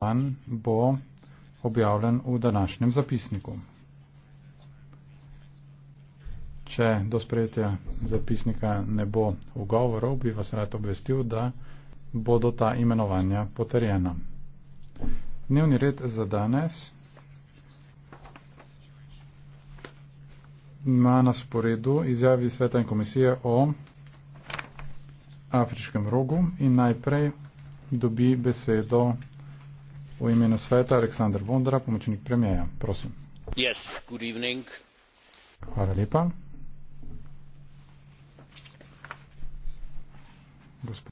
dan bo objavljen v današnjem zapisniku. Če do sprejetja zapisnika ne bo ugovorov, bi vas rad obvestil, da bodo ta imenovanja potrjena. Dnevni red za danes ima na sporedu izjavi Sveta in komisije o afriškem rogu in najprej dobi besedo V imenu sveta Aleksandar Vondra, pomočnik premijeja. Prosim. Yes, good evening. Hvala lepa. Gospod